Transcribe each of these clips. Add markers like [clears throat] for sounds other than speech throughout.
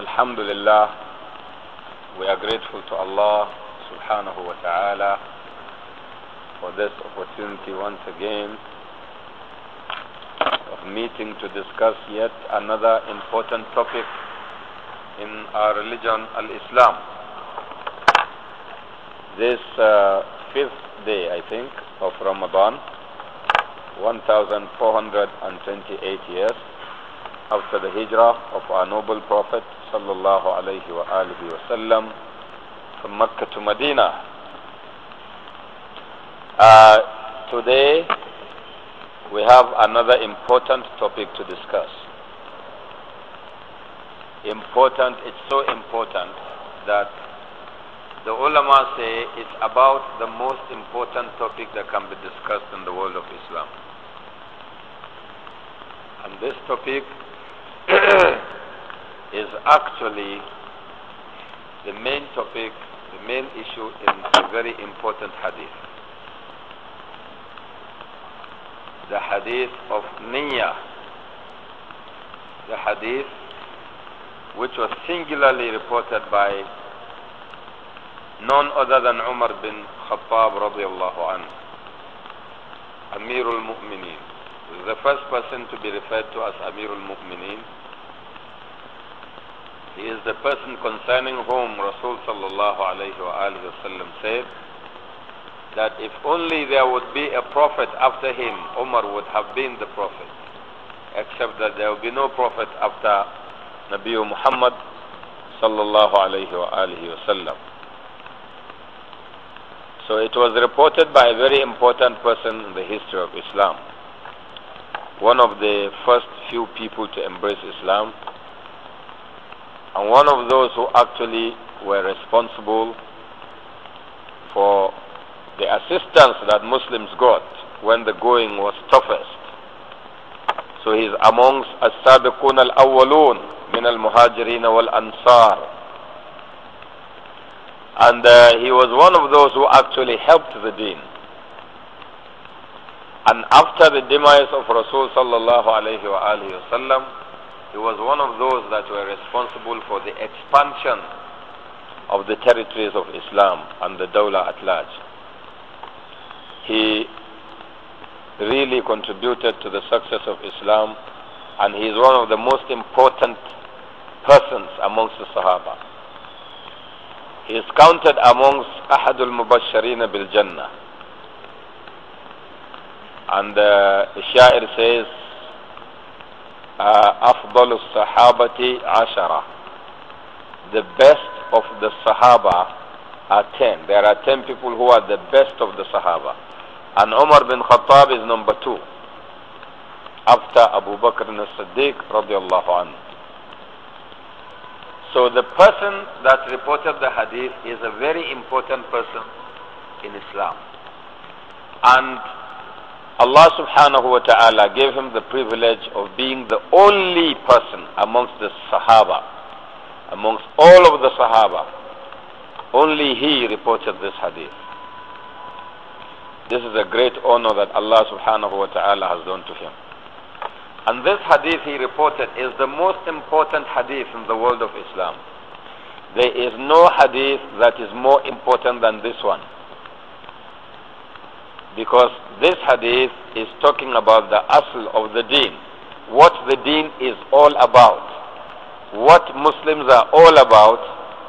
Alhamdulillah, we are grateful to Allah subhanahu wa ta'ala for this opportunity once again of meeting to discuss yet another important topic in our religion, Al-Islam. This uh, fifth day, I think, of Ramadan, 1428 years after the hijrah of our noble prophet صلى الله عليه وآله وسلم from Makkah to Medina. Uh, today we have another important topic to discuss. Important, it's so important that the ulama say it's about the most important topic that can be discussed in the world of Islam. And this topic [clears throat] is actually the main topic, the main issue in a very important hadith. The hadith of Niyyah. The hadith which was singularly reported by none other than Umar bin Khattab radiallahu anhu. Amirul Mu'mineen. The first person to be referred to as Amirul Mu'mineen he is the person concerning whom Rasulullah sallallahu alayhi wa said that if only there would be a prophet after him, Umar would have been the prophet. Except that there will be no prophet after Nabi Muhammad sallallahu alayhi wa So it was reported by a very important person in the history of Islam. One of the first few people to embrace Islam and one of those who actually were responsible for the assistance that Muslims got when the going was toughest. So he's amongst min al muhajirin wal ansar, and uh, he was one of those who actually helped the deen. And after the demise of Rasul sallallahu alayhi wa he was one of those that were responsible for the expansion of the territories of Islam and the Dawla at large. He really contributed to the success of Islam and he is one of the most important persons amongst the Sahaba. He is counted amongst Ahadul Mubasharina bil Jannah. And uh, Sha'ir says, أفضل الصحابة عشرة the best of the Sahaba are ten there are ten people who are the best of the Sahaba and Umar bin Khattab is number two after Abu Bakr as-Siddiq radiallahu anhu so the person that reported the hadith is a very important person in Islam and Allah subhanahu wa ta'ala gave him the privilege of being the only person amongst the Sahaba, amongst all of the Sahaba. Only he reported this hadith. This is a great honor that Allah subhanahu wa ta'ala has done to him. And this hadith he reported is the most important hadith in the world of Islam. There is no hadith that is more important than this one. Because this hadith is talking about the asl of the deen. What the deen is all about. What Muslims are all about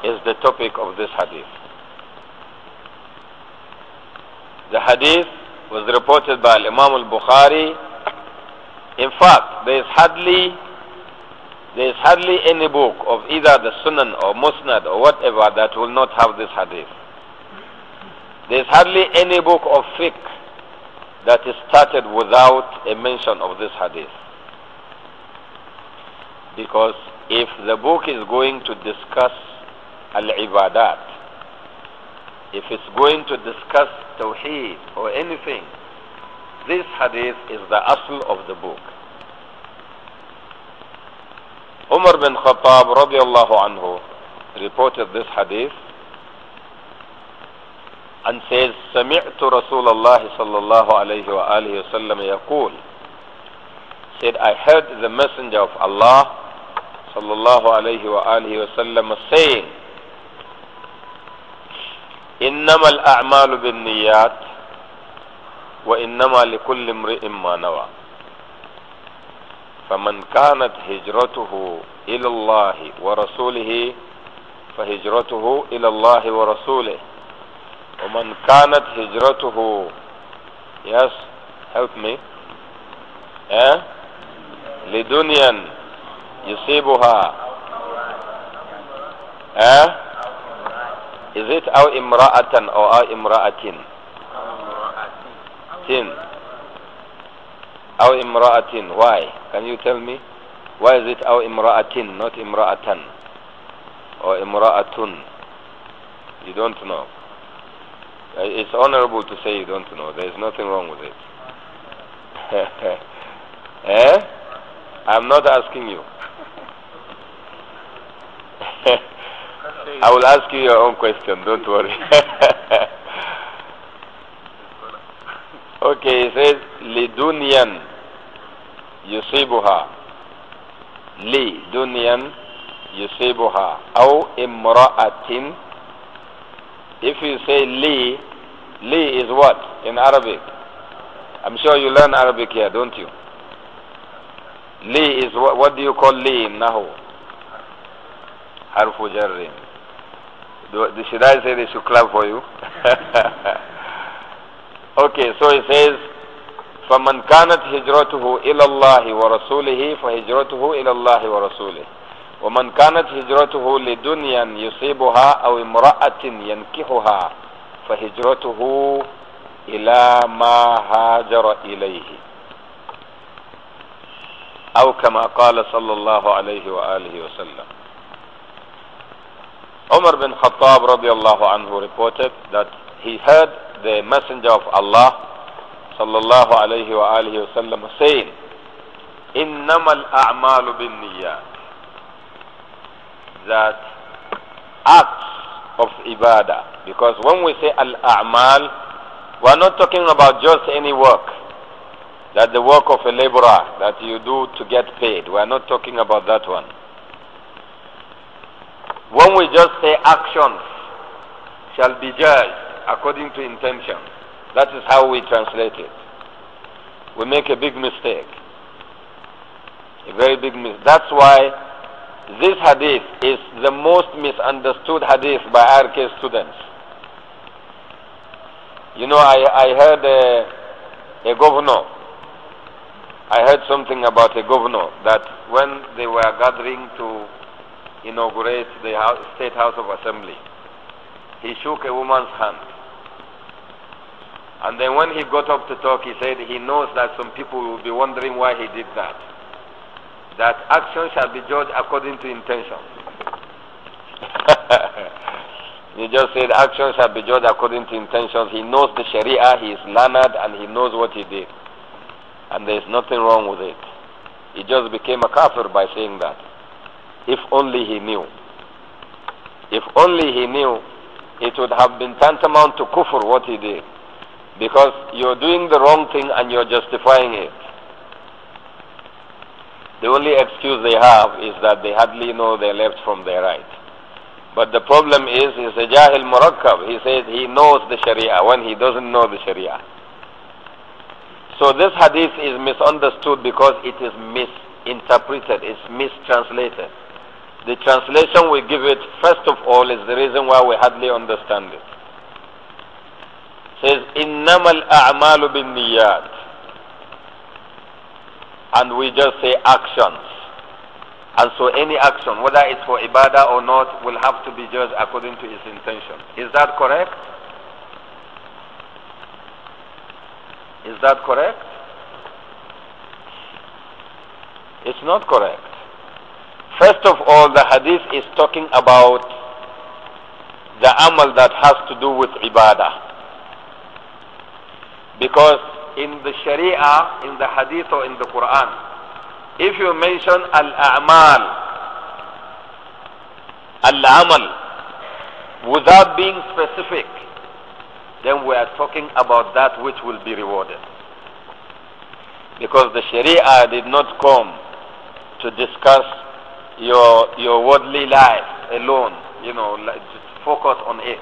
is the topic of this hadith. The hadith was reported by Imam al-Bukhari. In fact, there is hardly there is hardly any book of either the Sunan or Musnad or whatever that will not have this hadith. There is hardly any book of fiqh that is started without a mention of this hadith. Because if the book is going to discuss al-ibadat, if it's going to discuss tawheed or anything, this hadith is the asl of the book. Umar bin Khattab radiallahu anhu reported this hadith and says, سمعت رسول الله صلى الله عليه وآله وسلم يقول said, I heard the messenger of Allah صلى الله عليه وآله وسلم saying, إنما الأعمال بالنيات وإنما لكل امرئ ما نوى فمن كانت هجرته إلى الله ورسوله فهجرته إلى الله ورسوله ومن كانت هجرته yes help me eh لدنيا يصيبها eh is it أو امرأة أو أو امرأة tin أو امرأة why can you tell me why is it أو امرأة not امرأة or امرأة you don't know uh, it's honorable to say you don't know. There's nothing wrong with it. [laughs] eh? I'm not asking you. [laughs] I will ask you your own question, don't worry. [laughs] okay, it says, لِدُنْيَا يُصِيبُهَا لِدُنْيَا يُصِيبُهَا أَوْ إِمْرَأَةٍ if you say li, li is what in Arabic? I'm sure you learn Arabic here, don't you? Li is what, what do you call li in Nahu? Harfu jarrin. Should I say they should clap for you? [laughs] okay, so it says, فَمَنْ كَانَتْ هِجْرَتُهُ إِلَى اللَّهِ وَرَسُولِهِ فَهِجْرَتُهُ إِلَى اللَّهِ وَرَسُولِهِ ومن كانت هجرته لدنيا يصيبها او امراه ينكحها فهجرته الى ما هاجر اليه او كما قال صلى الله عليه واله وسلم عمر بن خطاب رضي الله عنه reported that he heard the messenger of Allah صلى الله عليه واله وسلم saying انما الاعمال بالنيات that acts of ibadah. Because when we say al-a'mal, we are not talking about just any work. That the work of a laborer that you do to get paid. We are not talking about that one. When we just say actions shall be judged according to intention, that is how we translate it. We make a big mistake. A very big mistake. That's why this hadith is the most misunderstood hadith by RK students. You know, I, I heard a, a governor, I heard something about a governor that when they were gathering to inaugurate the house, State House of Assembly, he shook a woman's hand. And then when he got up to talk, he said he knows that some people will be wondering why he did that that action shall be judged according to intention. [laughs] he just said action shall be judged according to intentions. He knows the Sharia, he is learned, and he knows what he did. And there is nothing wrong with it. He just became a kafir by saying that. If only he knew. If only he knew, it would have been tantamount to kufr what he did. Because you're doing the wrong thing and you're justifying it. The only excuse they have is that they hardly know their left from their right. But the problem is, he a jahil murakkab. He says he knows the sharia when he doesn't know the sharia. So this hadith is misunderstood because it is misinterpreted, it's mistranslated. The translation we give it, first of all, is the reason why we hardly understand it. it says, إِنَّمَا الْأَعْمَالُ بِالنِّيَّاتِ and we just say actions. And so any action, whether it's for ibadah or not, will have to be judged according to its intention. Is that correct? Is that correct? It's not correct. First of all, the hadith is talking about the amal that has to do with ibadah. Because in the Sharia, in the Hadith or in the Quran. If you mention Al-A'mal, Al-Amal, without being specific, then we are talking about that which will be rewarded. Because the Sharia did not come to discuss your, your worldly life alone, you know, focus on it.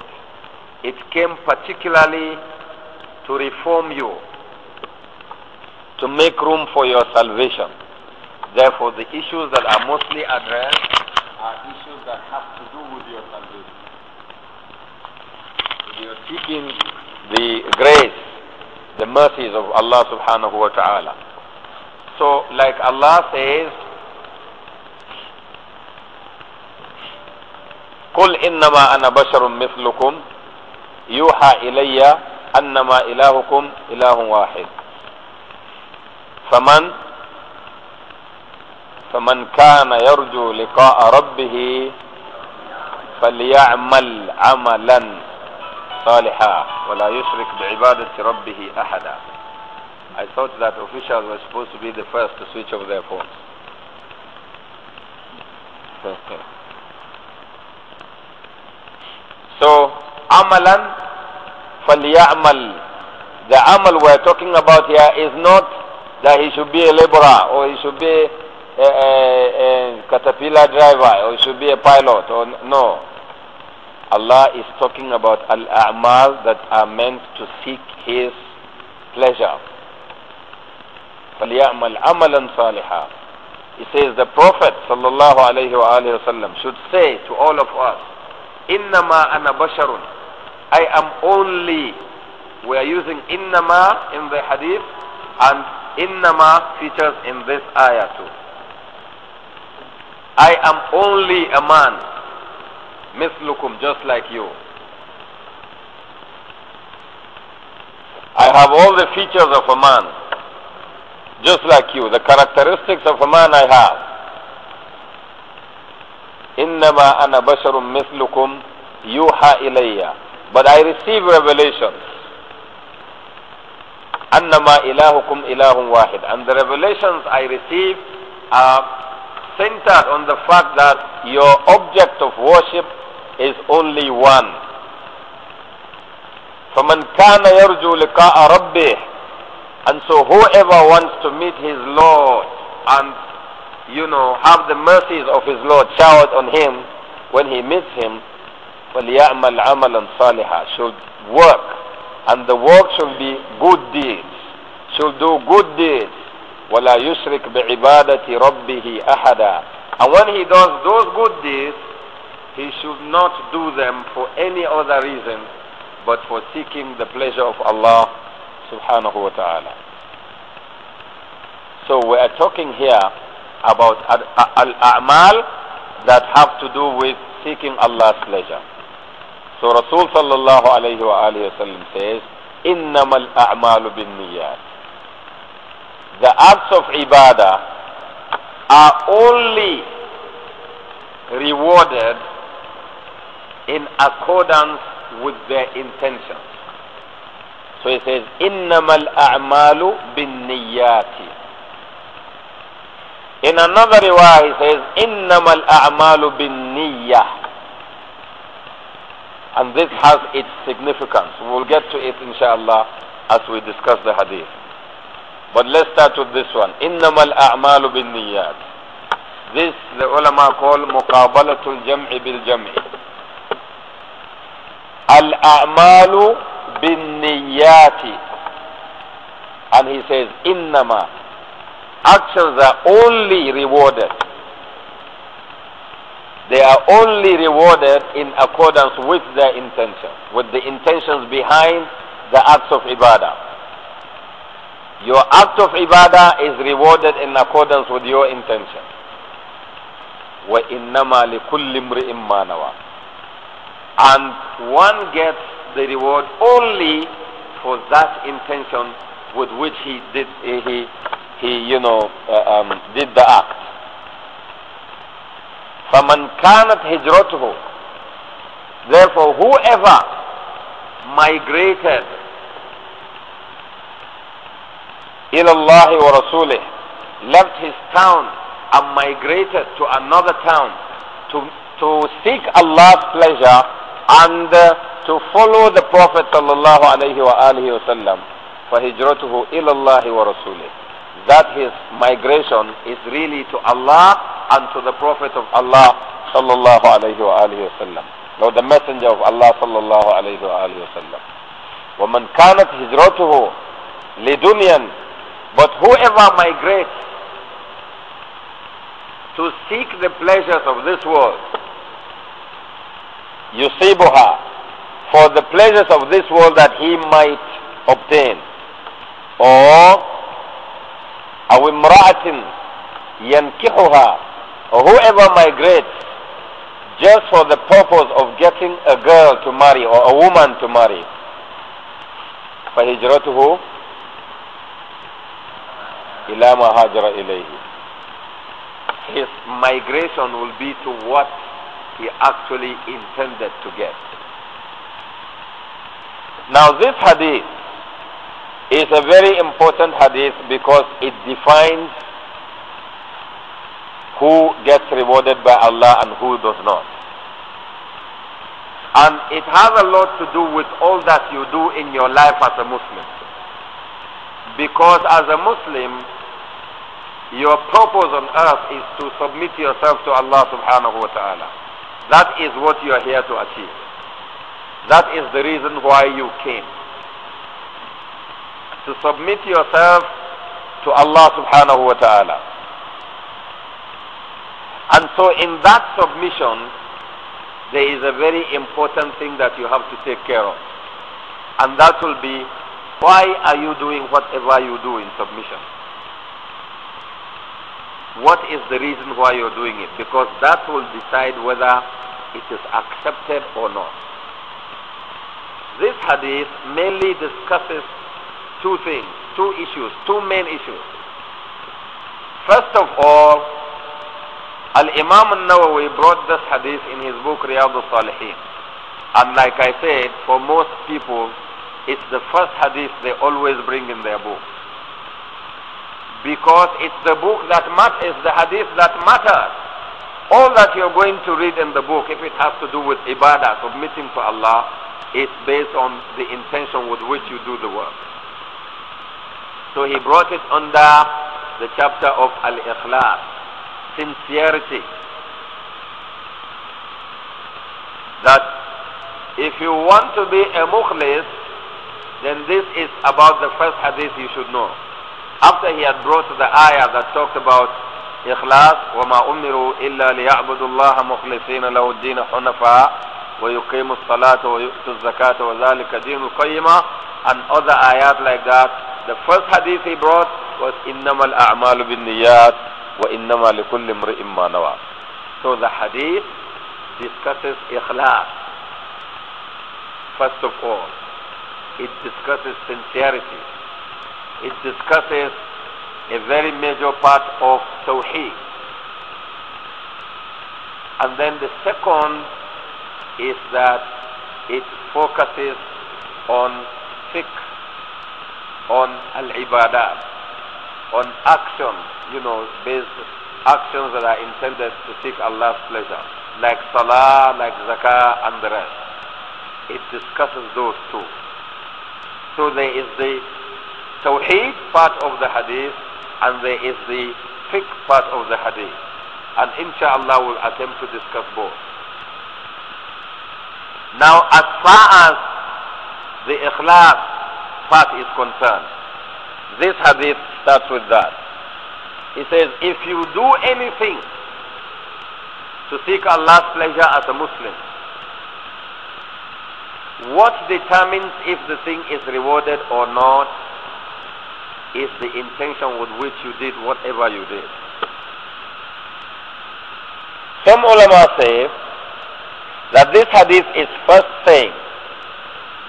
It came particularly to reform you to make room for your salvation. Therefore, the issues that are mostly addressed are issues that have to do with your salvation. you are seeking the grace, the mercies of Allah subhanahu wa ta'ala. So, like Allah says, قل إنما أنا بشر مثلكم يوحى إلي أنما إلهكم إله واحد فمن فمن كان يرجو لقاء ربه فليعمل عملا صالحا ولا يشرك بعبادة ربه أحدا I thought that officials were supposed to be the first to switch off their phones. so, amalan فليعمل The amal we're talking about here is not that he should be a laborer or he should be a, a, a caterpillar driver or he should be a pilot or no. Allah is talking about al-a'mal that are meant to seek His pleasure. فَلْيَعْمَلْ عَمَلًا صَالِحًا He says the Prophet sallallahu alayhi wa should say to all of us, إِنَّمَا أَنَا بَشَرٌ I am only, we are using إِنَّمَا in the hadith and Innama features in this ayah too. I am only a man, mislukum, just like you. I have all the features of a man, just like you. The characteristics of a man I have. إنما ana basharum mislukum, يوحى إلي but I receive revelations annama ilahukum wahid. And the revelations I received are centered on the fact that your object of worship is only one. فَمَنْ كَانَ يَرْجُو لِقَاءَ رَبِّهِ And so whoever wants to meet his Lord and, you know, have the mercies of his Lord showered on him when he meets him, فَلْيَعْمَلْ عَمَلًا صَالِحًا Should work and the work should be good deeds. Should do good deeds. وَلَا يُشْرِكْ بِعِبَادَةِ رَبِّهِ أَحَدًا And when he does those good deeds, he should not do them for any other reason but for seeking the pleasure of Allah subhanahu wa ta'ala. So we are talking here about al-a'mal that have to do with seeking Allah's pleasure. So Rasul sallallahu alayhi wa alayhi wa sallam says, إِنَّمَا الْأَعْمَالُ بِالنِّيَّاتِ The acts of ibadah are only rewarded in accordance with their intentions. So he says, إِنَّمَا الْأَعْمَالُ بِالنِّيَّاتِ In another riwayah he says, إِنَّمَا الْأَعْمَالُ بِالنِّيَّةِ and this has its significance. We will get to it inshallah as we discuss the hadith. But let's start with this one. إِنَّمَا الْأَعْمَالُ بِالنِّيَّاتِ This the ulama call مُقَابَلَةُ الْجَمْعِ بِالْجَمْعِ الْأَعْمَالُ بِالنِّيَّاتِ And he says, إِنَّمَا Actions are only rewarded they are only rewarded in accordance with their intention, with the intentions behind the acts of ibadah. Your act of ibadah is rewarded in accordance with your intention. inna لِكُلِّ امْرِئٍ مَّا نَوَى And one gets the reward only for that intention with which he did he he you know uh, um, did the act. فَمَنْ كَانَتْ هِجْرَتُهُ Therefore, whoever migrated إِلَى اللَّهِ وَرَسُولِهِ left his town and migrated to another town to, to seek Allah's pleasure and uh, to follow the Prophet sallallahu alaihi wasallam for hijratuhu wa rasulih. That his migration is really to Allah unto the Prophet of Allah sallallahu alayhi wa alihi wasallam. Or the Messenger of Allah sallallahu alayhi wa alihi wasallam. وَمَنْ كَانَتْ هِجْرَتُهُ لِدُنْيًا But whoever migrates to seek the pleasures of this world, يُصِيبُهَا For the pleasures of this world that he might obtain. Or أَوْ امْرَأَةٍ يَنْكِحُهَا or whoever migrates just for the purpose of getting a girl to marry or a woman to marry, فهجرته إلى ما هاجر إليه his migration will be to what he actually intended to get. Now this hadith is a very important hadith because it defines who gets rewarded by Allah and who does not. And it has a lot to do with all that you do in your life as a Muslim. Because as a Muslim, your purpose on earth is to submit yourself to Allah subhanahu wa ta'ala. That is what you are here to achieve. That is the reason why you came. To submit yourself to Allah subhanahu wa ta'ala. And so in that submission, there is a very important thing that you have to take care of. And that will be, why are you doing whatever you do in submission? What is the reason why you're doing it? Because that will decide whether it is accepted or not. This hadith mainly discusses two things, two issues, two main issues. First of all, Al-Imam al-Nawawi brought this hadith in his book Riyadh al-Salihin. And like I said, for most people, it's the first hadith they always bring in their book. Because it's the book that matters, the hadith that matters. All that you're going to read in the book, if it has to do with ibadah, submitting to Allah, it's based on the intention with which you do the work. So he brought it under the chapter of Al-Ikhlas sincerity. That if you want to be a mukhlis, then this is about the first hadith you should know. After he had brought the ayah that talked about إخلاص وما أمروا إلا ليعبد الله مخلصين له الدين حنفاء ويقيموا الصلاة ويؤتوا الزكاة وذلك دين القيمة and other ayat like that. The first hadith he brought was إنما الأعمال بالنيات وإنما لكل امرئ ما نوى So the hadith discusses ikhlas. First of all, it discusses sincerity. It discusses a very major part of Tawheed. And then the second is that it focuses on fiqh, on al-ibadat. on actions, you know, based actions that are intended to seek Allah's pleasure, like salah, like zakah, and the rest. It discusses those two. So there is the tawheed part of the hadith, and there is the fiqh part of the hadith. And inshallah we'll attempt to discuss both. Now as far as the ikhlas part is concerned, this hadith starts with that. He says, if you do anything to seek Allah's pleasure as a Muslim, what determines if the thing is rewarded or not is the intention with which you did whatever you did. Some ulama say that this hadith is first saying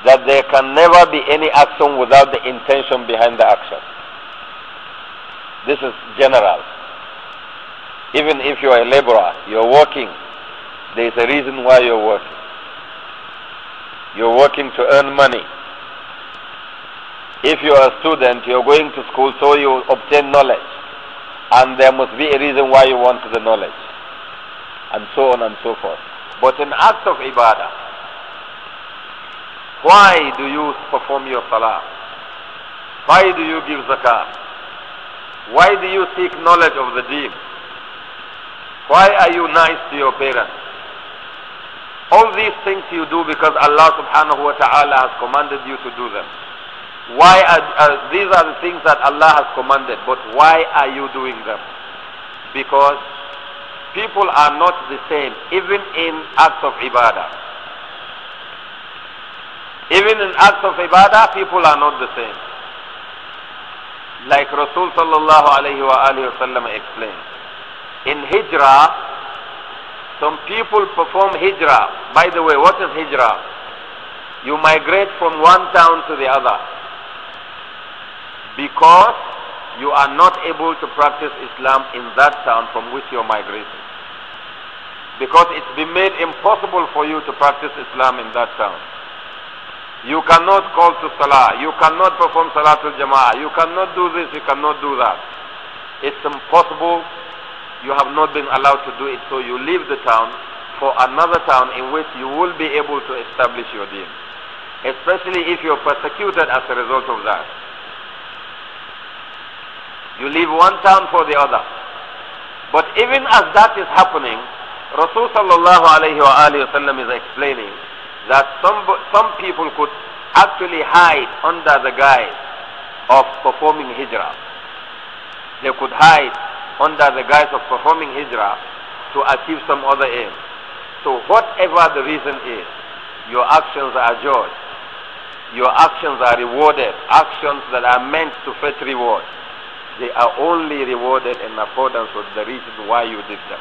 that there can never be any action without the intention behind the action. This is general. Even if you are a laborer, you're working. There is a reason why you're working. You're working to earn money. If you are a student, you're going to school so you obtain knowledge. And there must be a reason why you want the knowledge. And so on and so forth. But in acts of ibadah, why do you perform your salah? Why do you give zakah? Why do you seek knowledge of the deen? Why are you nice to your parents? All these things you do because Allah subhanahu wa ta'ala has commanded you to do them. Why are, are, these are the things that Allah has commanded, but why are you doing them? Because people are not the same, even in acts of ibadah. Even in acts of ibadah, people are not the same. Like Rasul sallallahu alayhi wa alayhi wa explained. In Hijrah, some people perform Hijrah. By the way, what is Hijrah? You migrate from one town to the other. Because you are not able to practice Islam in that town from which you're migrating. Because it's been made impossible for you to practice Islam in that town. You cannot call to salah. You cannot perform salatul jama'ah. You cannot do this. You cannot do that. It's impossible. You have not been allowed to do it. So you leave the town for another town in which you will be able to establish your deen. Especially if you're persecuted as a result of that. You leave one town for the other. But even as that is happening, Rasulullah sallallahu alayhi wa is explaining that some, some people could actually hide under the guise of performing hijrah. They could hide under the guise of performing hijrah to achieve some other aim. So whatever the reason is, your actions are judged. Your actions are rewarded. Actions that are meant to fetch reward. They are only rewarded in accordance with the reason why you did them.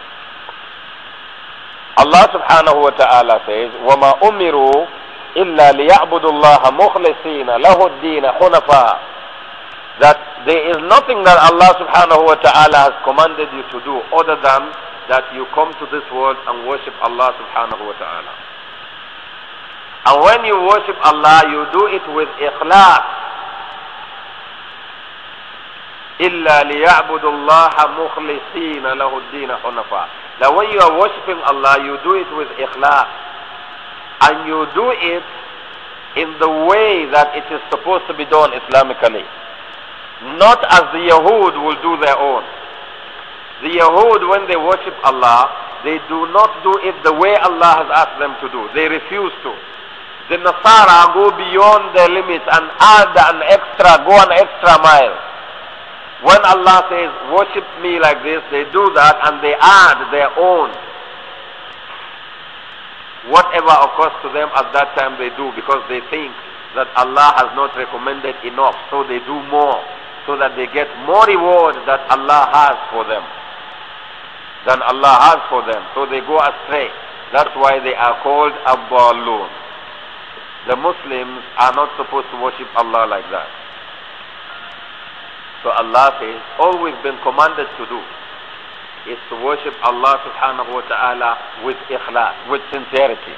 الله سبحانه وتعالى says وما أمروا إلا ليعبدوا الله مخلصين له الدين حنفاء that there is nothing that Allah subhanahu wa ta'ala has commanded you to do other than that you come to this world and worship Allah subhanahu wa ta'ala. And when you worship Allah, you do it with ikhlas. إِلَّا لِيَعْبُدُ اللَّهَ مُخْلِصِينَ لَهُ الدِّينَ حُنَفَاءَ That when you are worshipping Allah, you do it with ikhlas. And you do it in the way that it is supposed to be done Islamically. Not as the Yahud will do their own. The Yahud, when they worship Allah, they do not do it the way Allah has asked them to do. They refuse to. The Nasara go beyond their limits and add an extra, go an extra mile. When Allah says, worship me like this, they do that and they add their own. Whatever occurs to them at that time they do because they think that Allah has not recommended enough. So they do more so that they get more reward that Allah has for them than Allah has for them. So they go astray. That's why they are called Abbalun. The Muslims are not supposed to worship Allah like that. So Allah says, all we've been commanded to do is to worship Allah subhanahu wa ta'ala with ikhlas, with sincerity.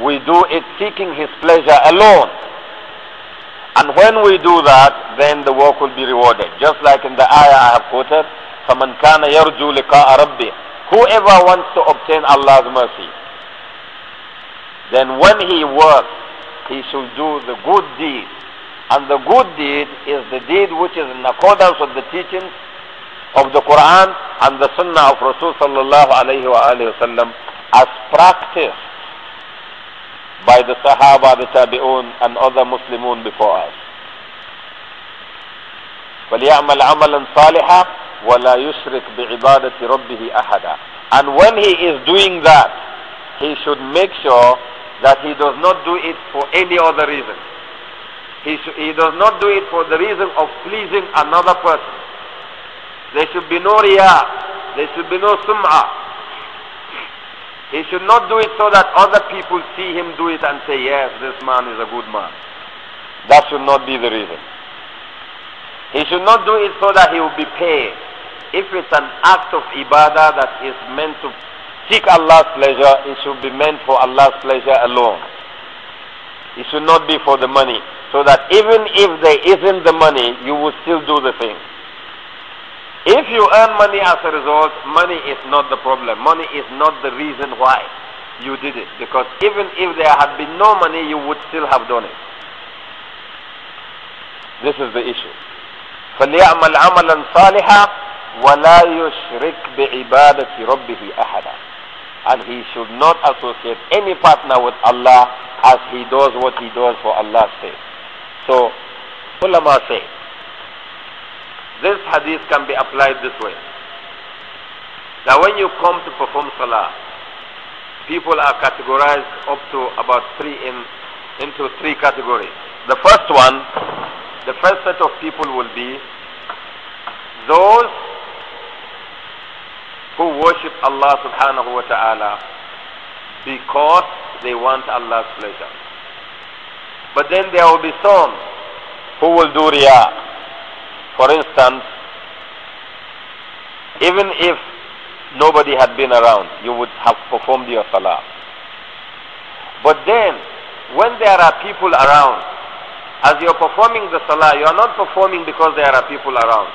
We do it seeking His pleasure alone. And when we do that, then the work will be rewarded. Just like in the ayah I have quoted, فَمَنْ كَانَ يَرْجُو لِقَاءَ رَبِّهِ Whoever wants to obtain Allah's mercy, then when he works, he should do the good deeds and the good deed is the deed which is in accordance with the teachings of the Quran and the Sunnah of Rasul sallallahu alayhi wa alayhi as practiced by the Sahaba, the Tabi'un and other Muslimun before us. فَلْيَعْمَلْ عَمَلًا صَالِحًا وَلَا يُشْرِكْ بِعِبَادَةِ رَبِّهِ أَحَدًا And when he is doing that, he should make sure that he does not do it for any other reason. He, he does not do it for the reason of pleasing another person. There should be no riyah. There should be no sum'ah. He should not do it so that other people see him do it and say, yes, this man is a good man. That should not be the reason. He should not do it so that he will be paid. If it's an act of ibadah that is meant to seek Allah's pleasure, it should be meant for Allah's pleasure alone. It should not be for the money. So that even if there isn't the money, you will still do the thing. If you earn money as a result, money is not the problem. Money is not the reason why you did it. Because even if there had been no money, you would still have done it. This is the issue. فَلْيَعْمَلْ عَمَلًا صَالِحًا وَلَا يُشْرِكْ بِعِبَادَةِ رَبِّهِ أَحَدًا And he should not associate any partner with Allah as he does what he does for Allah's sake. So ulama say this hadith can be applied this way. That when you come to perform salah, people are categorized up to about three in, into three categories. The first one, the first set of people will be those who worship Allah subhanahu wa ta'ala because they want Allah's pleasure. But then there will be some who will do riya. For instance, even if nobody had been around, you would have performed your salah. But then, when there are people around, as you're performing the salah, you are not performing because there are people around.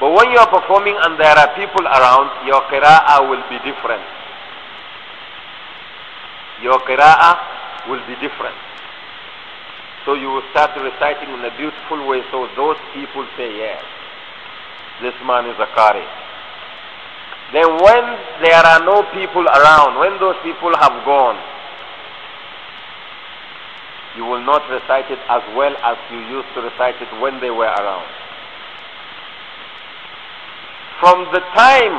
But when you are performing and there are people around, your qira'ah will be different. Your qira'ah will be different. So you will start reciting in a beautiful way so those people say, yes, this man is a Qari. Then when there are no people around, when those people have gone, you will not recite it as well as you used to recite it when they were around. From the time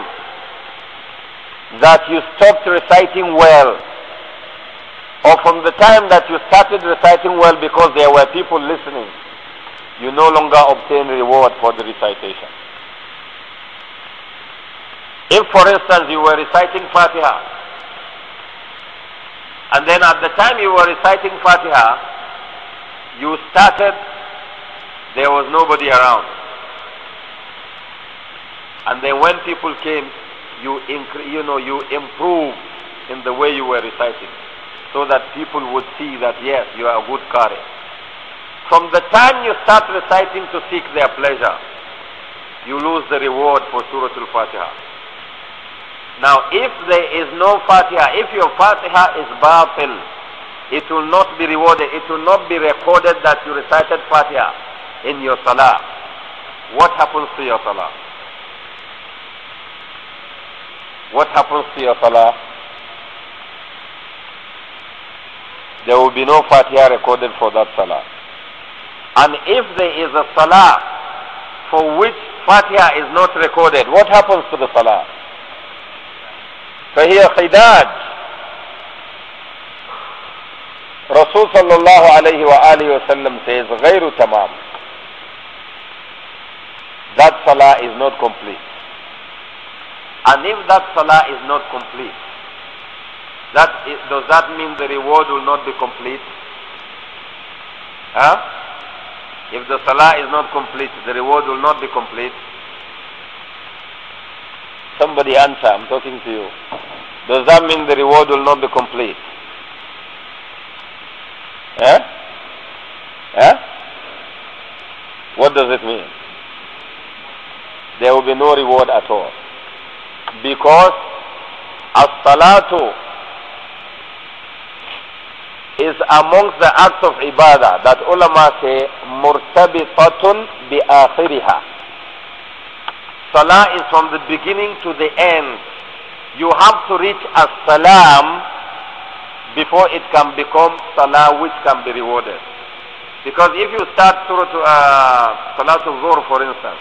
that you stopped reciting well, or from the time that you started reciting well because there were people listening, you no longer obtain reward for the recitation. If, for instance, you were reciting Fatiha, and then at the time you were reciting Fatiha, you started, there was nobody around. And then when people came, you, you know, you improved in the way you were reciting so that people would see that yes, you are a good Qari. From the time you start reciting to seek their pleasure, you lose the reward for Surah Al-Fatiha. Now, if there is no Fatiha, if your Fatiha is batil, it will not be rewarded, it will not be recorded that you recited Fatiha in your Salah. What happens to your Salah? What happens to your Salah? there will be no Fatiha recorded for that salah. And if there is a salah for which Fatiha is not recorded, what happens to the salah? فهي خداج رسول صلى الله عليه وآله وسلم says غير تمام that salah is not complete and if that salah is not complete that is, does that mean the reward will not be complete? Huh? If the salah is not complete, the reward will not be complete. Somebody answer, I'm talking to you. Does that mean the reward will not be complete? What does it mean? There will be no reward at all. Because as-salatu is amongst the acts of ibadah that ulama say murtabitatun bi akhiriha. Salah is from the beginning to the end. You have to reach as-salam before it can become salah which can be rewarded. Because if you start Surah to, uh, Salat al-Zuhr for instance,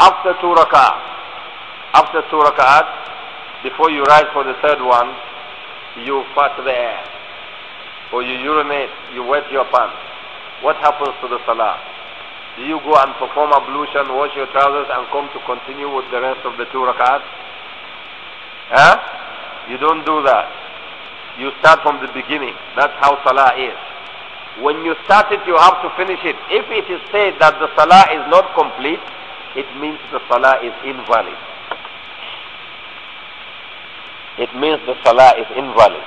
after two rak'ah, after two rak'ahs, before you rise for the third one, you fast there or you urinate, you wet your pants, what happens to the salah? Do you go and perform ablution, wash your trousers and come to continue with the rest of the two rakats? Huh? You don't do that. You start from the beginning. That's how salah is. When you start it, you have to finish it. If it is said that the salah is not complete, it means the salah is invalid. It means the salah is invalid.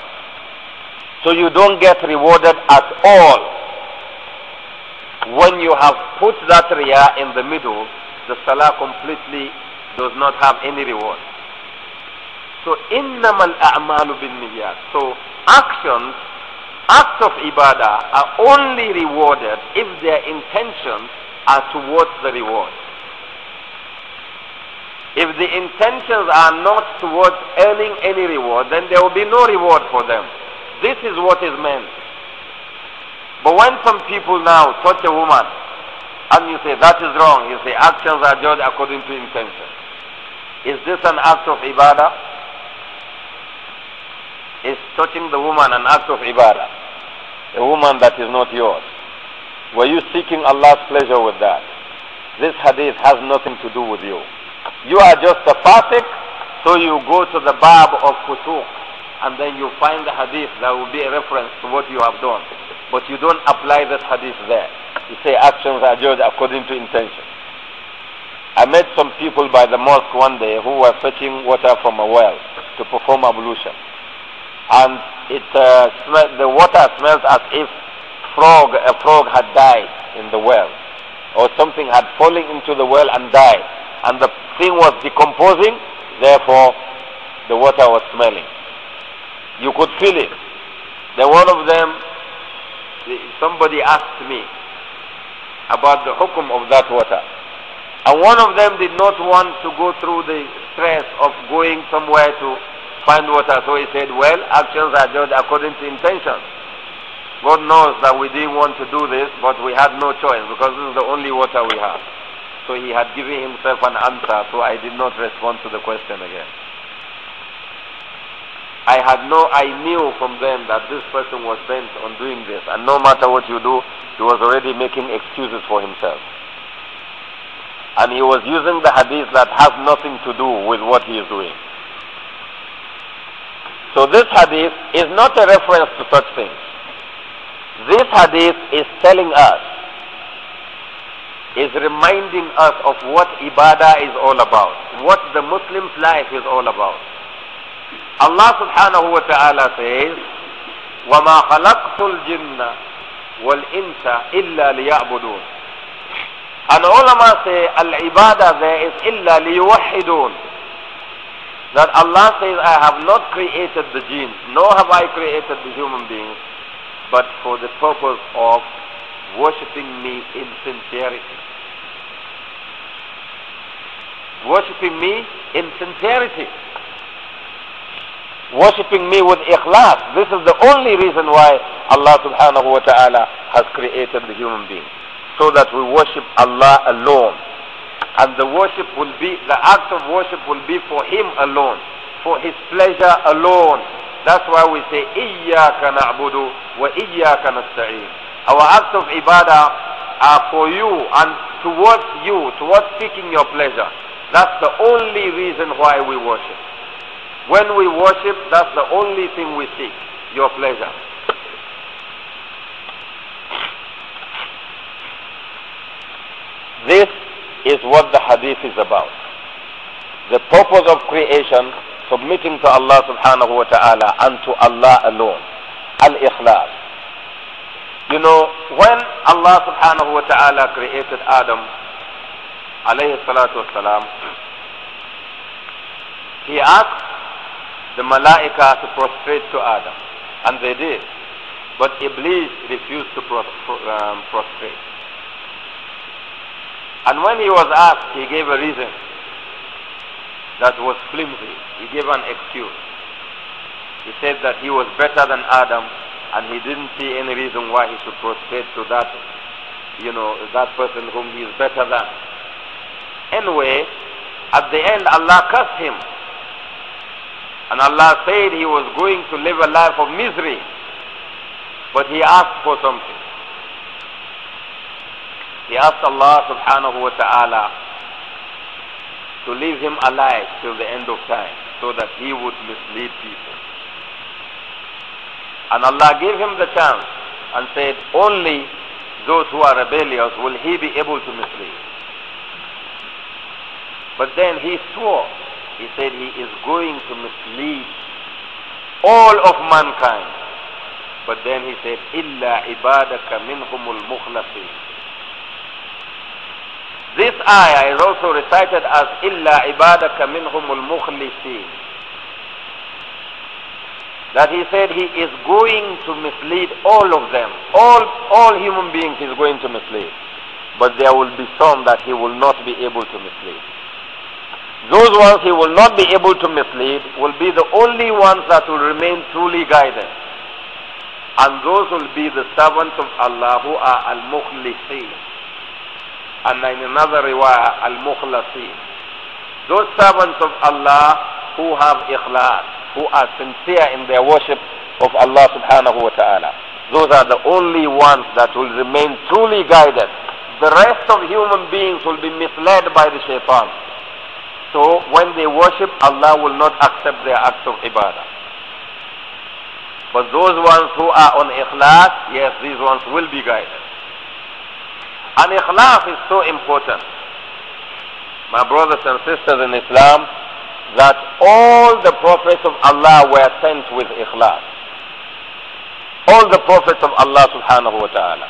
So you don't get rewarded at all. When you have put that riyah in the middle, the salah completely does not have any reward. So innamal a'malu bin niyat. So actions, acts of ibadah are only rewarded if their intentions are towards the reward. If the intentions are not towards earning any reward, then there will be no reward for them. This is what is meant. But when some people now touch a woman and you say that is wrong, you say actions are judged according to intention. Is this an act of ibadah? Is touching the woman an act of ibadah? A woman that is not yours. Were you seeking Allah's pleasure with that? This hadith has nothing to do with you. You are just a fasik, so you go to the bab of fusuq and then you find the hadith, that will be a reference to what you have done. But you don't apply that hadith there. You say actions are judged according to intention. I met some people by the mosque one day who were fetching water from a well to perform ablution. And it, uh, the water smelled as if frog, a frog had died in the well. Or something had fallen into the well and died. And the thing was decomposing, therefore the water was smelling. You could feel it. Then one of them, somebody asked me about the hukum of that water. And one of them did not want to go through the stress of going somewhere to find water. So he said, well, actions are judged according to intention. God knows that we didn't want to do this, but we had no choice because this is the only water we have. So he had given himself an answer, so I did not respond to the question again. I had no, I knew from them that this person was bent on doing this, and no matter what you do, he was already making excuses for himself. And he was using the hadith that has nothing to do with what he is doing. So this hadith is not a reference to such things. This hadith is telling us, is reminding us of what ibadah is all about, what the Muslim's life is all about. Allah subhanahu wa ta'ala says, وَمَا خَلَقْتُ الْجِنَّ وَالْإِنسَ إِلَّا لِيَعْبُدُونَ And ulama say, al-ibadah there is إِلَّا لِيُوَحِّدُونَ That Allah says, I have not created the jinn, nor have I created the human beings, but for the purpose of worshipping me in sincerity. Worshipping me in sincerity. worshipping me with ikhlas. This is the only reason why Allah subhanahu wa ta'ala has created the human being. So that we worship Allah alone. And the worship will be, the act of worship will be for Him alone. For His pleasure alone. That's why we say, إِيَّاكَ نَعْبُدُ وَإِيَّاكَ نَسْتَعِينُ Our acts of ibadah are for you and towards you, towards seeking your pleasure. That's the only reason why we worship. When we worship, that's the only thing we seek, your pleasure. This is what the hadith is about. The purpose of creation, submitting to Allah subhanahu wa ta'ala and to Allah alone. Al-Ikhlas. You know, when Allah subhanahu wa ta'ala created Adam, alayhi salatu wasalam, he asked the malaika to prostrate to Adam. And they did. But Iblis refused to um, prostrate. And when he was asked, he gave a reason that was flimsy. He gave an excuse. He said that he was better than Adam and he didn't see any reason why he should prostrate to that, you know, that person whom he is better than. Anyway, at the end, Allah cursed him and Allah said he was going to live a life of misery. But he asked for something. He asked Allah subhanahu wa ta'ala to leave him alive till the end of time so that he would mislead people. And Allah gave him the chance and said, only those who are rebellious will he be able to mislead. But then he swore he said he is going to mislead all of mankind. But then he said, "Illa عِبَادَكَ مِنْهُمُ الْمُخْلَصِينَ This ayah is also recited as "Illa عِبَادَكَ مِنْهُمُ الْمُخْلِصِينَ That he said he is going to mislead all of them. All, all human beings he is going to mislead. But there will be some that he will not be able to mislead. Those ones he will not be able to mislead will be the only ones that will remain truly guided. And those will be the servants of Allah who are al-mukhlisin. And in another riwayah, al-mukhlasin. Those servants of Allah who have ikhlas, who are sincere in their worship of Allah subhanahu wa ta'ala. Those are the only ones that will remain truly guided. The rest of human beings will be misled by the shaitan. So when they worship, Allah will not accept their acts of ibadah. But those ones who are on ikhlas, yes, these ones will be guided. And ikhlas is so important, my brothers and sisters in Islam, that all the prophets of Allah were sent with ikhlas. All the prophets of Allah subhanahu wa ta'ala.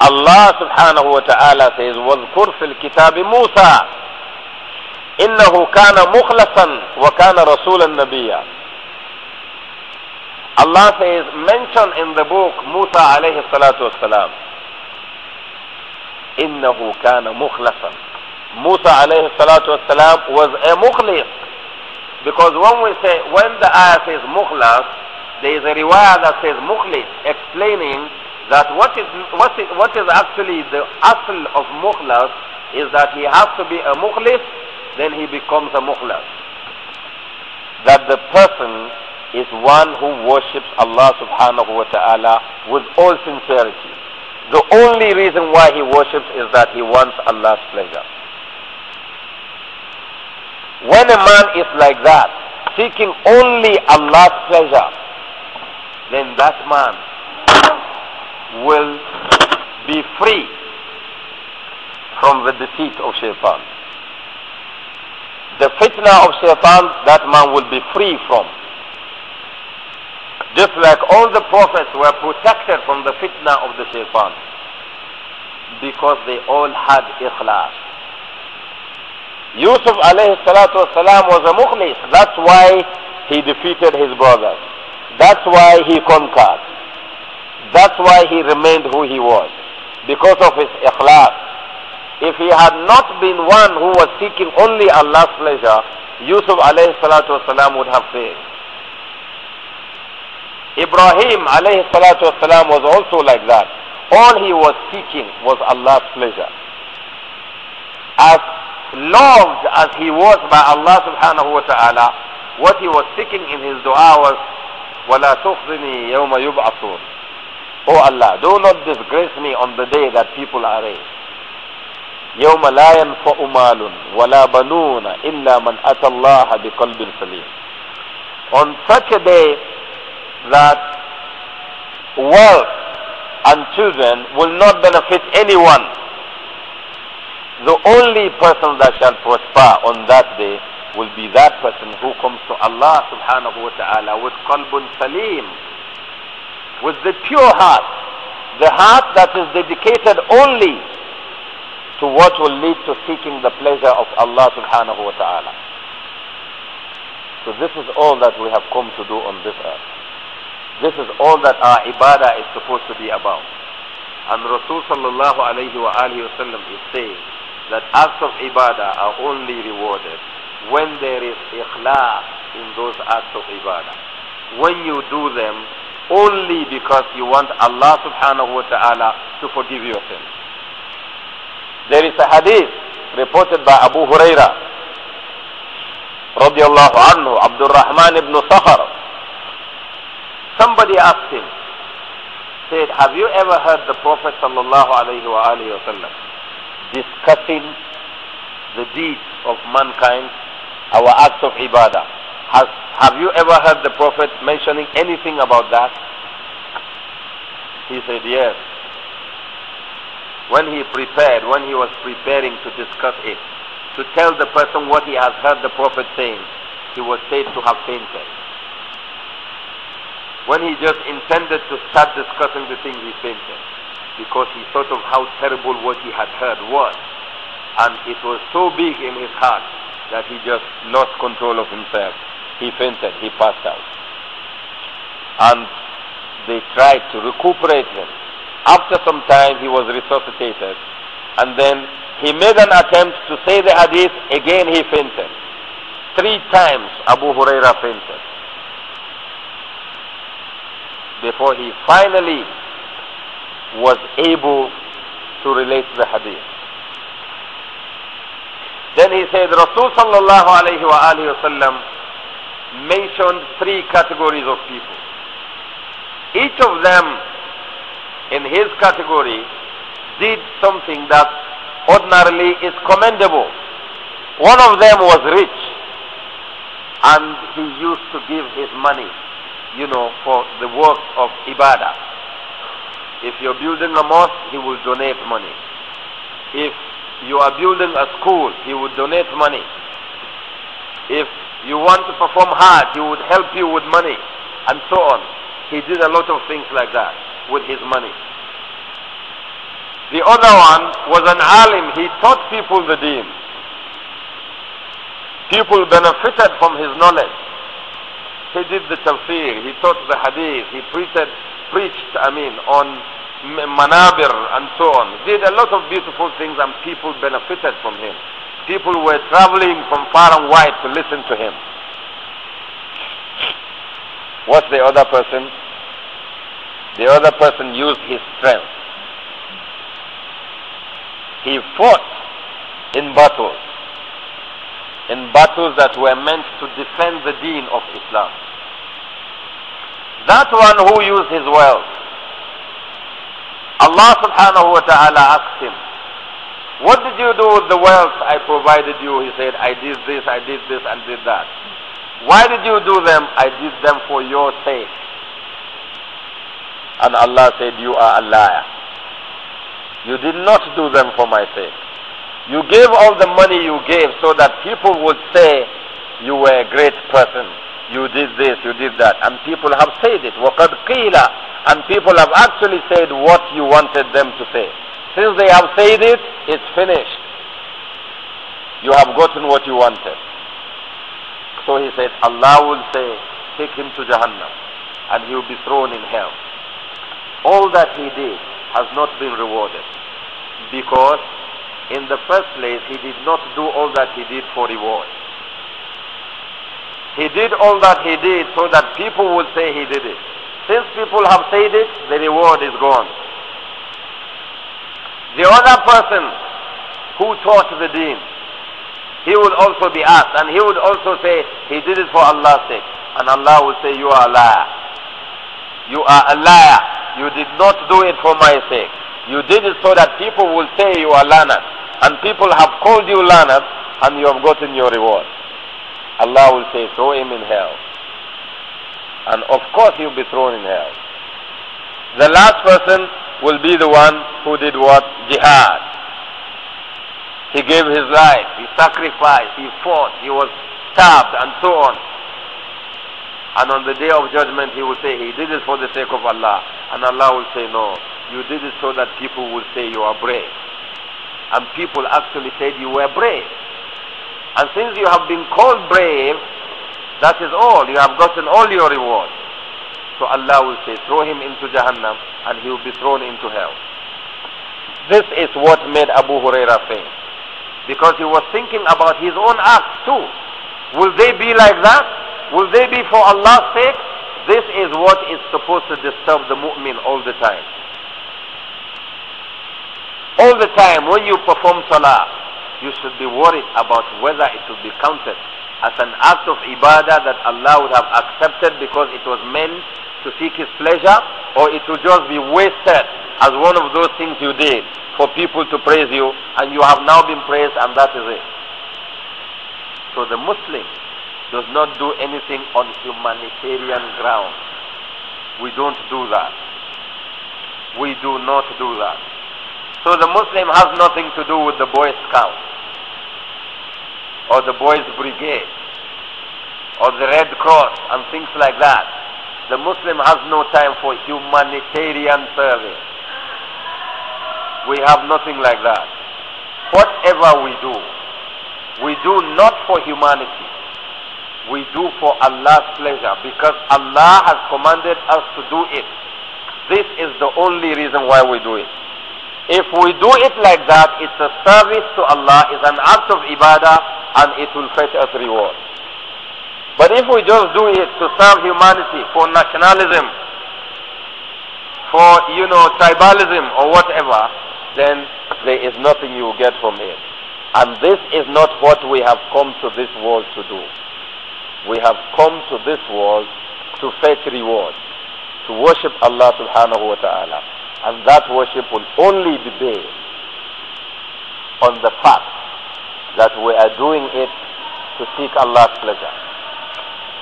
Allah subhanahu wa ta'ala says, وَذْكُرْ فِي الْكِتَابِ مُوسَى إِنَّهُ كَانَ مُخْلَصًا وَكَانَ رَسُولًا نَبِيًّا Allah says, mention in the book Musa alayhi salatu wasalam. إِنَّهُ كَانَ مُخْلَصًا Musa alayhi salatu wasalam was a مخلص Because when we say, when the ayah says مخلص there is a riwayah that says مخلص explaining that what is, what is, what is actually the asl of mukhlas is that he has to be a mukhlis, then he becomes a mukhlas. That the person is one who worships Allah subhanahu wa ta'ala with all sincerity. The only reason why he worships is that he wants Allah's pleasure. When a man is like that, seeking only Allah's pleasure, then that man will be free from the deceit of shaitan. The fitna of shaitan, that man will be free from. Just like all the prophets were protected from the fitna of the shaitan. Because they all had ikhlas. Yusuf alayhi salatu wasalam was a mukhlis. That's why he defeated his brothers. That's why he conquered. That's why he remained who he was, because of his ikhlas. If he had not been one who was seeking only Allah's pleasure, Yusuf alayhi salatu wasalam would have failed. Ibrahim alayhi salatu wasalam was also like that. All he was seeking was Allah's pleasure. As loved as he was by Allah subhanahu wa ta'ala, what he was seeking in his dua was, وَلَا تُخْزِنِي يَوْمَ يُبْعَثُونَ O Allah, do not disgrace me on the day that people are raised. يوم لا ينفع مال ولا بنون إلا من أتى الله بقلب سليم On such a day that wealth and children will not benefit anyone. The only person that shall prosper on that day will be that person who comes to Allah subhanahu wa ta'ala with kalbun salim, with the pure heart, the heart that is dedicated only to what will lead to seeking the pleasure of Allah subhanahu wa ta'ala. So this is all that we have come to do on this earth. This is all that our ibadah is supposed to be about. And Rasul sallallahu alayhi wa alihi is saying that acts of ibadah are only rewarded when there is ikhlas in those acts of ibadah. When you do them only because you want Allah subhanahu wa ta'ala to forgive your sins. There is a hadith reported by Abu Huraira radiallahu anhu, Abdul Rahman ibn Safar. Somebody asked him, said, have you ever heard the Prophet sallallahu alayhi wa alayhi wa sallam discussing the deeds of mankind, our acts of ibadah? Has, have you ever heard the Prophet mentioning anything about that? He said, yes. When he prepared, when he was preparing to discuss it, to tell the person what he has heard the Prophet saying, he was said to have fainted. When he just intended to start discussing the thing, he fainted. Because he thought of how terrible what he had heard was. And it was so big in his heart that he just lost control of himself he fainted, he passed out. And they tried to recuperate him. After some time, he was resuscitated. And then he made an attempt to say the hadith, again he fainted. Three times Abu Huraira fainted. Before he finally was able to relate the hadith. Then he said, Rasul sallallahu alayhi wa mentioned three categories of people. Each of them in his category did something that ordinarily is commendable. One of them was rich and he used to give his money, you know, for the work of ibadah. If you're building a mosque, he will donate money. If you are building a school, he would donate money. If you want to perform hard, he would help you with money, and so on. He did a lot of things like that with his money. The other one was an alim. He taught people the deen. People benefited from his knowledge. He did the tafsir, he taught the hadith, he preached, preached I mean, on manabir and so on. Did a lot of beautiful things and people benefited from him people were traveling from far and wide to listen to him. What's the other person? The other person used his strength. He fought in battles, in battles that were meant to defend the deen of Islam. That one who used his wealth, Allah subhanahu wa ta'ala asked him, what did you do with the wealth I provided you? He said, I did this, I did this, and did that. Why did you do them? I did them for your sake. And Allah said, you are a liar. You did not do them for my sake. You gave all the money you gave so that people would say you were a great person. You did this, you did that. And people have said it. وَقَدْ And people have actually said what you wanted them to say. Since they have said it, it's finished. You have gotten what you wanted. So he said, Allah will say, take him to Jahannam and he will be thrown in hell. All that he did has not been rewarded because in the first place he did not do all that he did for reward. He did all that he did so that people would say he did it. Since people have said it, the reward is gone. The other person who taught the deen, he would also be asked and he would also say, he did it for Allah's sake. And Allah will say, you are a liar. You are a liar. You did not do it for my sake. You did it so that people will say you are lanat. And people have called you lanat and you have gotten your reward. Allah will say, throw him in hell. And of course you'll be thrown in hell. The last person will be the one who did what? Jihad. He gave his life, he sacrificed, he fought, he was stabbed and so on. And on the day of judgment he will say, he did it for the sake of Allah. And Allah will say, no, you did it so that people will say you are brave. And people actually said you were brave. And since you have been called brave, that is all. You have gotten all your reward. So Allah will say, throw him into Jahannam and he will be thrown into hell. This is what made Abu Huraira faint. Because he was thinking about his own acts too. Will they be like that? Will they be for Allah's sake? This is what is supposed to disturb the mu'min all the time. All the time when you perform salah, you should be worried about whether it will be counted as an act of ibadah that Allah would have accepted because it was meant to seek his pleasure or it will just be wasted as one of those things you did for people to praise you and you have now been praised and that is it. So the Muslim does not do anything on humanitarian ground. We don't do that. We do not do that. So the Muslim has nothing to do with the Boy Scout or the Boys Brigade or the Red Cross and things like that. The Muslim has no time for humanitarian service. We have nothing like that. Whatever we do, we do not for humanity. We do for Allah's pleasure because Allah has commanded us to do it. This is the only reason why we do it. If we do it like that, it's a service to Allah, it's an act of ibadah, and it will fetch us reward. But if we just do it to serve humanity, for nationalism, for, you know, tribalism or whatever, then there is nothing you will get from it. And this is not what we have come to this world to do. We have come to this world to fetch reward, to worship Allah subhanahu wa ta'ala. And that worship will only be based on the fact that we are doing it to seek Allah's pleasure.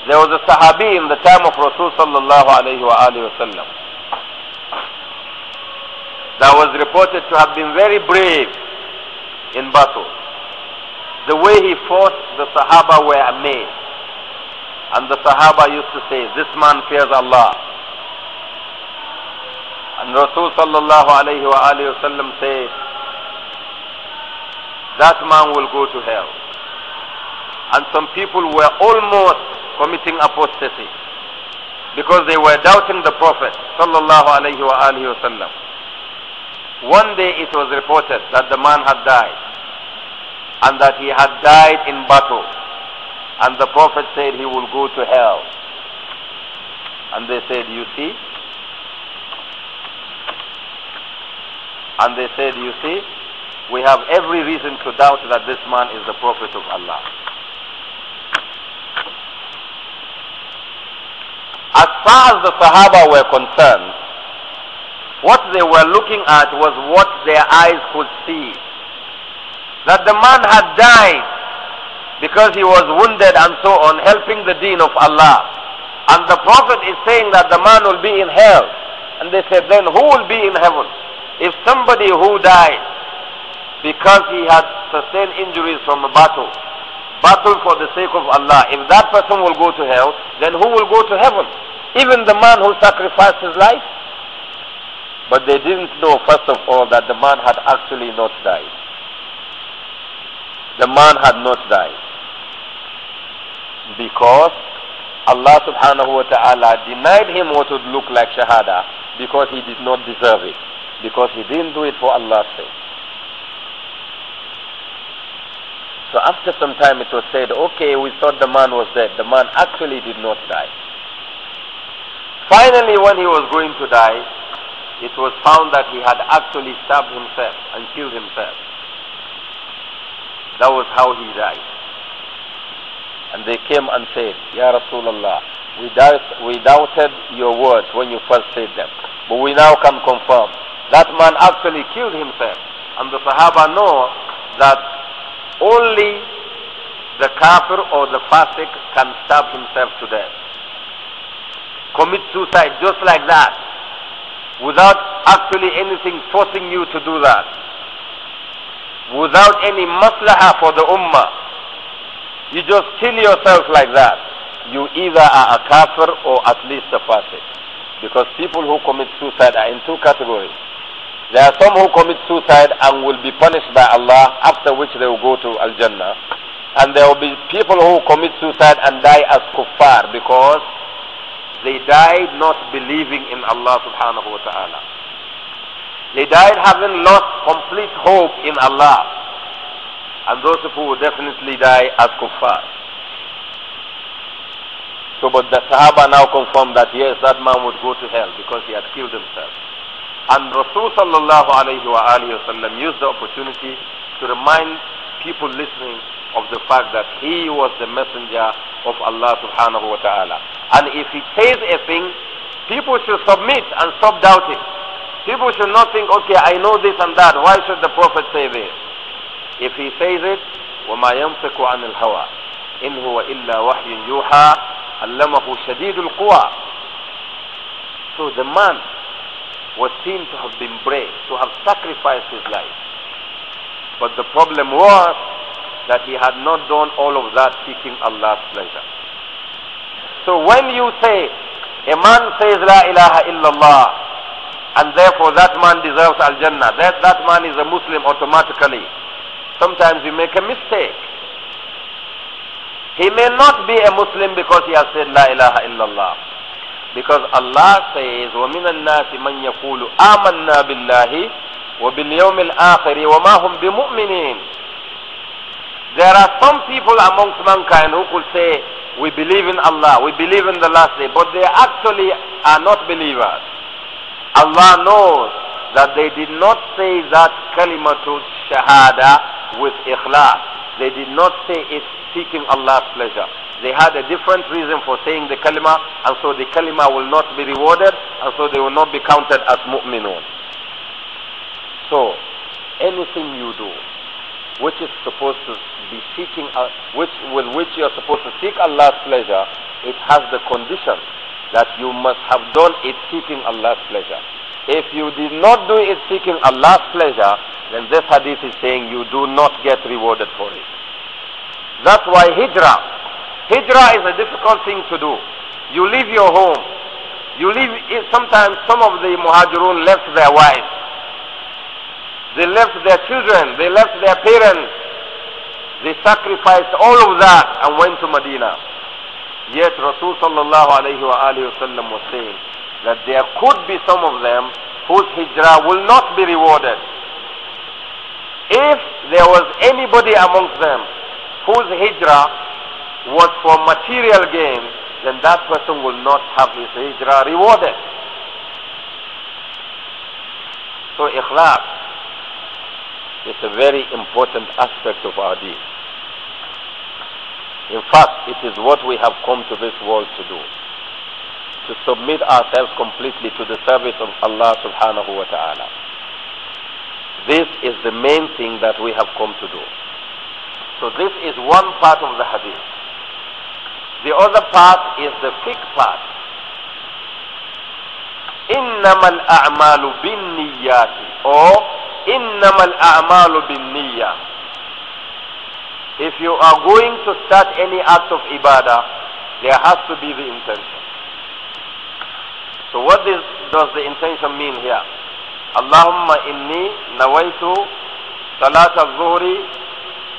There was a Sahabi in the time of Rasul sallallahu alayhi that was reported to have been very brave in battle. The way he fought, the Sahaba were amazed. And the Sahaba used to say, this man fears Allah. And Rasul sallallahu alayhi said, that man will go to hell. And some people were almost committing apostasy because they were doubting the Prophet sallallahu alaihi wasallam. One day it was reported that the man had died and that he had died in battle and the Prophet said he will go to hell. And they said, you see? And they said, you see, we have every reason to doubt that this man is the Prophet of Allah. As far as the Sahaba were concerned, what they were looking at was what their eyes could see. That the man had died because he was wounded and so on, helping the deen of Allah. And the Prophet is saying that the man will be in hell. And they said, then who will be in heaven? If somebody who died because he had sustained injuries from a battle, battle for the sake of Allah. If that person will go to hell, then who will go to heaven? Even the man who sacrificed his life. But they didn't know, first of all, that the man had actually not died. The man had not died. Because Allah subhanahu wa ta'ala denied him what would look like shahada because he did not deserve it. Because he didn't do it for Allah's sake. So after some time it was said, okay, we thought the man was dead. The man actually did not die. Finally, when he was going to die, it was found that he had actually stabbed himself and killed himself. That was how he died. And they came and said, Ya Rasulullah, we, doubt, we doubted your words when you first said them. But we now can confirm that man actually killed himself. And the Sahaba know that only the kafir or the fasik can stab himself to death. Commit suicide just like that, without actually anything forcing you to do that, without any maslahah for the ummah. You just kill yourself like that. You either are a kafir or at least a fasik. Because people who commit suicide are in two categories. There are some who commit suicide and will be punished by Allah, after which they will go to Al-Jannah. And there will be people who commit suicide and die as kuffar because they died not believing in Allah subhanahu wa ta'ala. They died having lost complete hope in Allah. And those people will definitely die as kuffar. So, but the Sahaba now confirm that yes, that man would go to hell because he had killed himself. And Rasul sallallahu alayhi wa alayhi wa used the opportunity to remind people listening of the fact that he was the messenger of Allah subhanahu wa ta'ala. And if he says a thing, people should submit and stop doubting. People should not think, okay, I know this and that, why should the Prophet say this? If he says it, وَمَا يَمْسِكُ عَنِ الْهَوَىٰ إِنْ هُوَ إِلَّا وَحْيٌ يُوحَىٰ أَلْمَهُ شَدِيدُ الْقُوَىٰ So the man was seen to have been brave, to have sacrificed his life. But the problem was that he had not done all of that seeking Allah's pleasure. So when you say, a man says La ilaha illallah, and therefore that man deserves Al-Jannah, that, that man is a Muslim automatically, sometimes you make a mistake. He may not be a Muslim because he has said La ilaha illallah. Because Allah says, وَمِنَ النَّاسِ مَنْ يَقُولُ آمَنَّا بِاللَّهِ وَبِالْيَوْمِ الْآخِرِ وَمَا هُمْ بِمُؤْمِنِينَ There are some people amongst mankind who could say, we believe in Allah, we believe in the last day, but they actually are not believers. Allah knows that they did not say that kalimatul shahada with ikhlas. They did not say it seeking Allah's pleasure. They had a different reason for saying the kalima and so the kalima will not be rewarded and so they will not be counted as mu'minun. So, anything you do which is supposed to be seeking, uh, which, with which you are supposed to seek Allah's pleasure, it has the condition that you must have done it seeking Allah's pleasure. If you did not do it seeking Allah's pleasure, then this hadith is saying you do not get rewarded for it. That's why hijrah Hijrah is a difficult thing to do. You leave your home. You leave, sometimes some of the muhajirun left their wives. They left their children. They left their parents. They sacrificed all of that and went to Medina. Yet Rasulullah sallallahu alayhi wa was saying that there could be some of them whose hijrah will not be rewarded. If there was anybody amongst them whose hijrah was for material gain, then that person will not have his hijrah rewarded. So ikhlas is a very important aspect of our deeds. In fact, it is what we have come to this world to do. To submit ourselves completely to the service of Allah subhanahu wa ta'ala. This is the main thing that we have come to do. So this is one part of the hadith. The other part is the quick part. إنما الأعمال بالنيات or إنما الأعمال بالنية If you are going to start any act of ibadah, there has to be the intention. So what is, does the intention mean here? اللهم إني نويت صلاة الظهر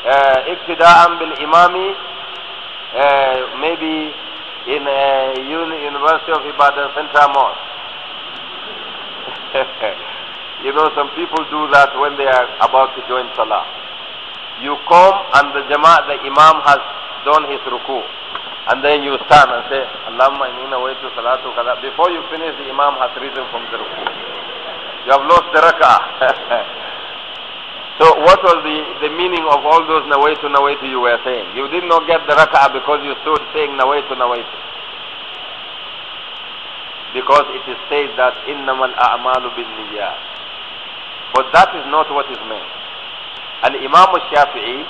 اه, ابتداء بالإمام uh, maybe in a uni University of Ibadan Central Mosque. [laughs] you know, some people do that when they are about to join Salah. You come and the Jama'at, the Imam has done his ruku. And then you stand and say, Allahumma inina waitu salatu Before you finish, the Imam has risen from the ruku. You have lost the rak'ah. [laughs] So what was the, the meaning of all those nawaitu nawaitu you were saying? You did not get the rak'ah because you stood saying nawaitu nawaitu. Because it is said that innamal a'malu bin niyyah. But that is not what is meant. An imam Shafi'i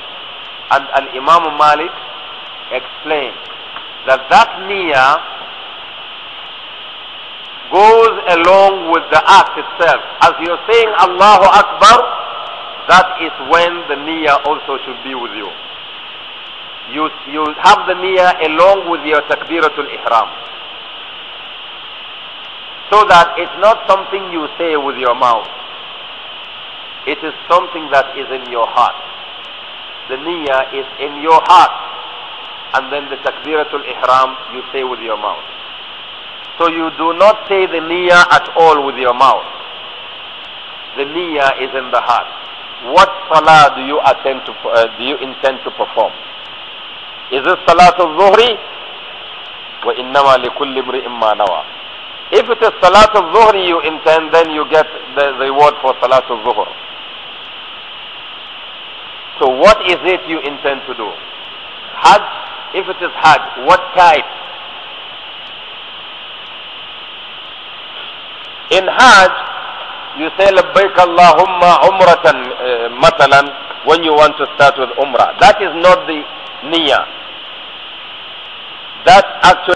and an imam Malik explain that that niyyah goes along with the act itself. As you're saying Allahu Akbar, that is when the niyyah also should be with you. You, you have the niyyah along with your takbiratul ihram. So that it's not something you say with your mouth. It is something that is in your heart. The niyyah is in your heart. And then the takbiratul ihram you say with your mouth. So you do not say the niyyah at all with your mouth. The niyyah is in the heart what salah do you attend to uh, do you intend to perform is it al zuhri wa innama am going to nawa if it is al zuhri you intend then you get the reward for al zuhr so what is it you intend to do hajj if it is hajj what type in hajj you say labbaik Allahumma umratan uh, matalan when you want to start with umrah. That is not the niyyah. That actually